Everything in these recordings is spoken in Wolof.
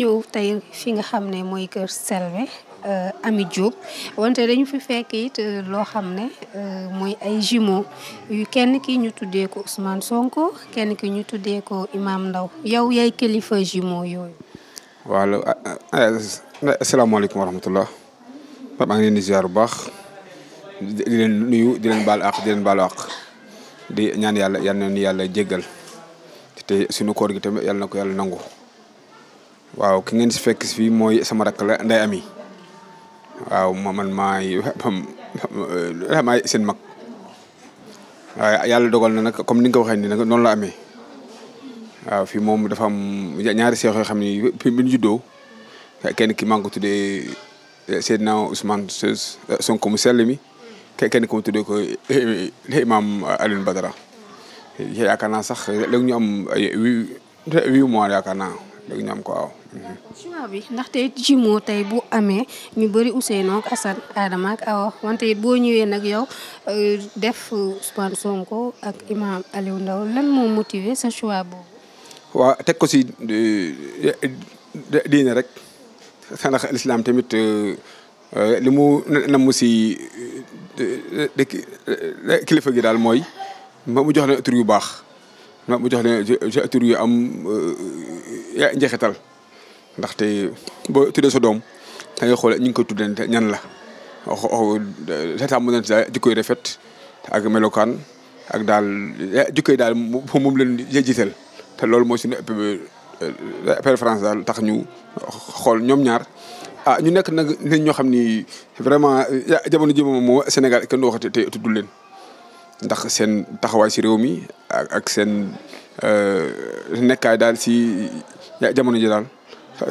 ñëw tey fi nga xam ne mooy kër Selbé euh, Amy Diop wante dañu fi fekk it euh, loo xam ne euh, mooy ay jumeaux yu kenn ki ñu tuddee ko Ousmane Sonko kenn ki ñu tuddee ko Imam ndaw yow yaay kilifa jumeaux yooyu. waaw ah, ah, eh, eh, asalaamaaleykum wa rahmatullah maa ngi leen di ziar bu baax di leen nuyu ñaan yàlla yal yàlla jéggal te sunu koor gi tamit yàlla na ko yàlla nangu. waaw ki ngeen si fekk si fii mooy sama rakk la nday ami waaw ma man maay eh, maay seen mag waaye yàlla dogal na nag comme ni nga ko waxee nii nag noonu la amee waaw fii moom dafa am ñaari seex yoo xam ni bi ñu juddoo kenn ki maa ngi ko tuddee eh, Seydina Ousmane eh, Sonko mu sell mi kenn ko Imam Alioune Badara yaakaar naa sax léegi ñu am huit huit mois yaakaar naa. léegi ñu am ko aw. choix bi ndaxte it tey bu amee ñu bëri Ousseynou ak Assane Adama ak wante boo ñëwee nag yow euh, def euh, Ousmane Sonko ak Imam Aliou ndaw lan moo motiver sa choix boobu. waaw teg ko si diine rek ndax lislaam tamit euh, li mu namm si kilifa gi daal mooy mu jox leen tur yu baax. ma mu jox leen tur yu am euh, njeexital ndaxte boo tuddee sa doom da ngay xool ñu ngi ko tuddante ñan la waxu mu nant jikkoy refet ak melokaan ak daal jikkoy daal moom leen jiital te loolu mooy suñu préférence euh, daal tax ñu xool ñoom ñaar ah ñu nekk nag nit ñoo xam ni vraiment jamono ji moom Sénégal kenn du waxati te tudd leen ndax seen taxawaay si réew mi ak seen euh, nekkaay daal si jamono ji daal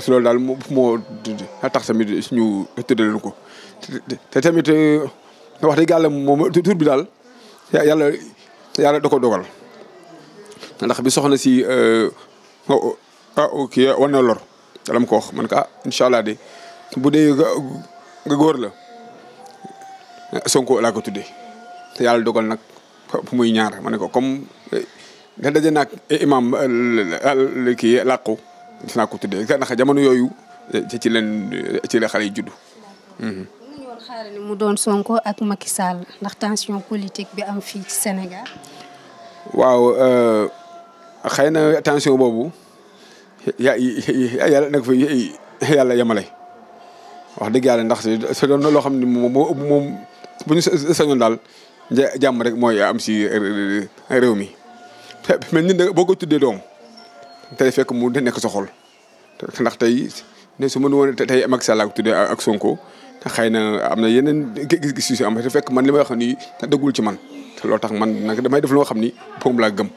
su loolu daal moo tax tamit suñu tëddee ko te tamit euh, wax daal yàlla yàlla da ko dogal ndax bi soxna si euh, oh, oh, ah, kii wan na lor dama ko wax man ko ah incha allah de bu nga góor la Sonko laa ko te yàlla dogal nag fu muy ñaar ma ne ko comme eh, nga daje naag eh, imam eh, kii làqu gis naa ko tuddee ndax jamono yooyu ci ci la xale yi mhm. mu doon Sonko ak Macky Sall ndax tension politique bi am fii Sénégal. waaw euh, xëy na tension boobu ya yàlla nag fa yàlla yemale wax dëgg yàlla ndax si doon loo xam ne moom moom bu daal. jàmm rek mooy am si eh, eh, réew mi mais ni nag boo ko tuddee doom te fekk mu nekk sa xol ndax tey ne su ma woon te Macky Sall ko tuddee ak Sonko xëy na am na yeneen gis-gis yu si am te fekk man li may wax nii dëggul ci man loolu tax man nag damay def loo xam ni moom laa gëm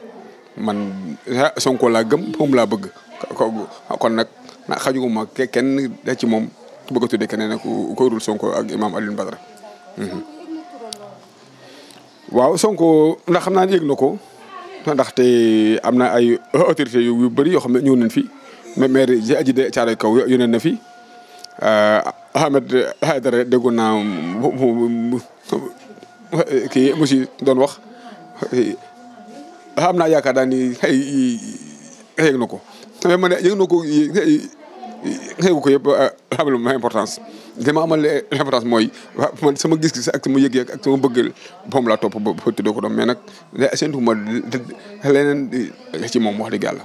man ah, Sonko laa gëm moom laa bëgg kon nag xajuguma kenn ci moom bëgg a keneen ku ko rul Sonko ak Imam Alioune Badara mm-hmm. waaw Sonko ndax xam naa yëg na ko ndaxte am na ay autorité yu bëri yoo xam ne ñëw nañ fi mais maire ji aji de Thiaroye kaw yónnee na fi euh, Ahmed Aïdara déggoon naa kii monsieur doon wax am naa yaakaar daal ni yëg na ko xeewu ko yëpp ah, xamal ma importance li ma amal l'importance mooy ah, man sama gis-gis ak sama yëg-yëg ak sama bëgg moom laa topp ba tëddoo ko moom wax dëgg yàlla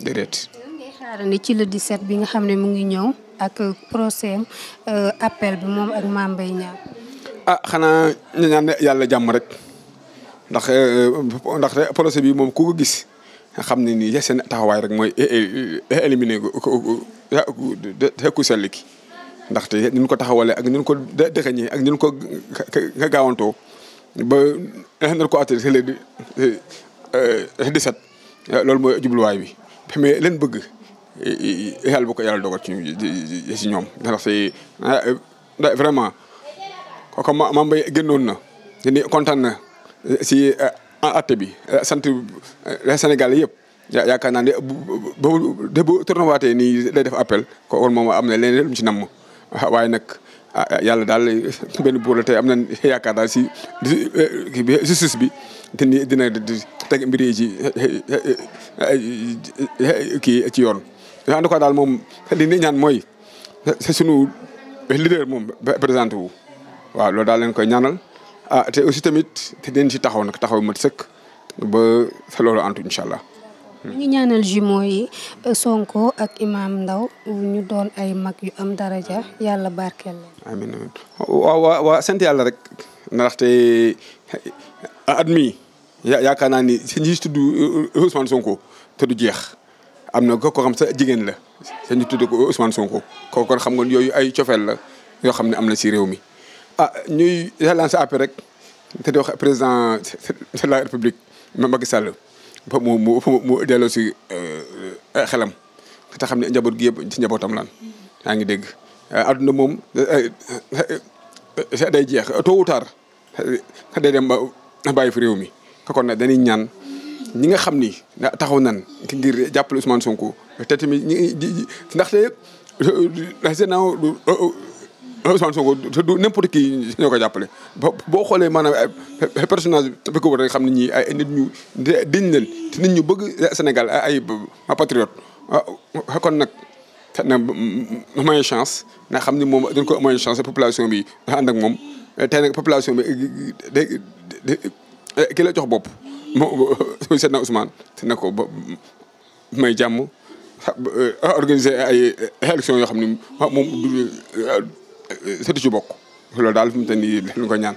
déedéet. ngay xaarandi bi nga xam ne mu ngi ñëw ak procès euh, appel bi moom ak Mame Mbaye Niang. ah xanaa ñu ñaan yàlla jàmm rek ndax euh, ndax procès bi moom ku ko gis nga xam ne nii seen taxawaay rek mooy éliminer xekku sell ki ndaxte ñun ko taxawalee ak ñun ko dëxëñee ak ñun ko nga gaawantoo ba nal ko atte sele di eh, eh, set loolu mooy jubluwaay bi mais leen bëgg yàlla bu ko yàlla dogal ci si ñoom ndaxte eh, vraiment kooku Mame Mbaye génnoon na ni kontaan na si atte bi sant Sénégal yëpp yaakaar naa ne bu bu tournoi waatee nii day def appel ko kon moom am na leneen lu ci namm ah, waaye nag ah, ah, yàlla daal benn buur la am na yaakaar daal si kii eh, bi justice bi dina dina teg mbir yi ci eh, kii ci yoon. en tout daal moom li ñu ñaan mooy sunu leader moom présenté wu waaw loolu daal leen koy ñaanal ah te aussi tamit te den ci taxaw nag taxaw mat sëkk ba loolu antu incha allah. ñu ngi ñaanal jumeaux yi euh, Sonko ak Imam ndaw ñu doon ay mag yu am daraja yàlla barkeel la. amiin amiin waaw waaw yàlla rek ndaxte eh, at mi yaakaar naa ni si tudd euh, Ousmane Sonko te du jeex am na ko ko xam sa jigéen la sa ñu tudd ko euh, Sonko ko kon xam nga yooyu ay cofeel la yoo xam ne am na si réew mi a ah, ñuy lancer appel rek te di wax président de la république Macky Sall mu mu mu delloo si euh, euh, xelam te xam ne njaboot gi yëpp ci njabootam lan yaa ngi dégg adduna euh, moom day jeex tôt ou tard day dem ba bàyyi fi réew mi kon nag dañuy ñaan ñi nga xam ni taxaw nan ngir jàppale Ousmane Sonko te tamit ñi Ousmane Sonko te du n'importe qui ñoo ko jàppale boo xoolee maanaam ay personnage bi ko war rek xam ne ñii ay nit ñu diñ leen te nit ñu bëgg Sénégal ay patriote ah, kon nag na may chance na xam ni moom dañ ko may chance population bi ànd ak moom tey population bi ki la jox bopp moo seet na Ousmane te na ko may jàmm organiser ay élection yoo xam ni moom sëtu ci bokk loolu daal fi mu toll nii dañ ko ñaan.